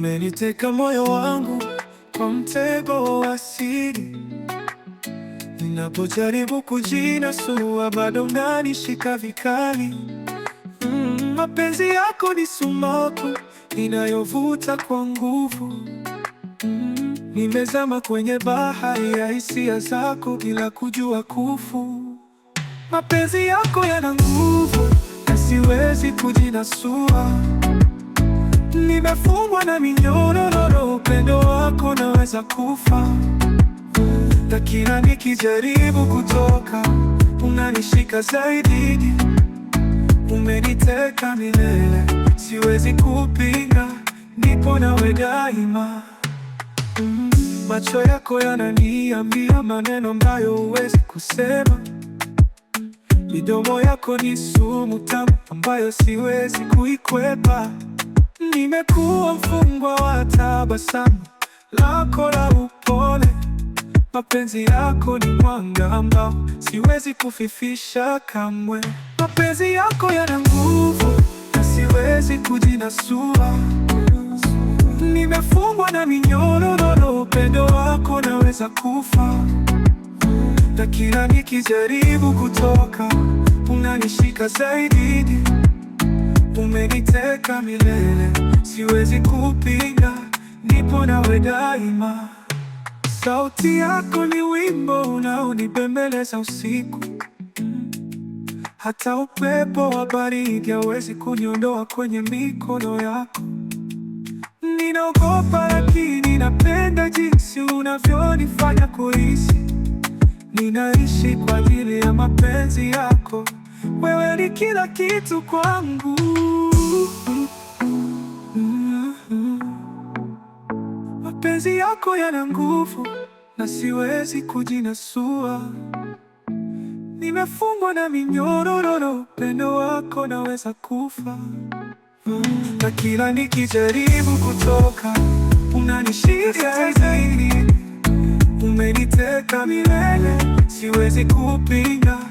Umeniteka moyo wangu kwa mtego wa siri, ninapojaribu kujinasua bado unanishika vikali. Mm, mapenzi yako ni sumaku inayovuta kwa nguvu. Mm, nimezama kwenye bahari ya hisia zako bila kujua kufu. Mapenzi yako yana nguvu na siwezi kujinasua Nimefungwa na minyororo upendo wako, naweza kufa, na nikijaribu kutoka unanishika zaidi. Umeniteka milele, siwezi kupinga, nipo nawe daima. macho yako yananiambia maneno ambayo huwezi kusema. Midomo yako ni sumu tamu ambayo siwezi kuikwepa. Nimekuwa mfungwa wa tabasamu lako la upole. Mapenzi yako ni mwanga ambao siwezi kufifisha kamwe. Mapenzi yako yana nguvu na siwezi kujinasua. Nimefungwa na minyororo, upendo wako naweza kufa, na kila nikijaribu kutoka unanishika zaidi kukuweka milele, siwezi kupinga nipo nawe daima. Sauti yako ni wimbo unaonibembeleza usiku, hata upepo wa baridi hauwezi kuniondoa kwenye mikono yako. Ninaogopa lakini napenda jinsi unavyonifanya kuhisi. Ninaishi kwa ajili ya mapenzi yako, wewe ni kila kitu kwangu. mapenzi yako yana nguvu na siwezi kujinasua. Nimefungwa na minyororo upendo wako, naweza kufa Na kila nikijaribu kutoka unanishika zaidi. Umeniteka milele, siwezi kupinga